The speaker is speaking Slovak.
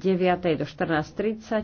9. do 14.30.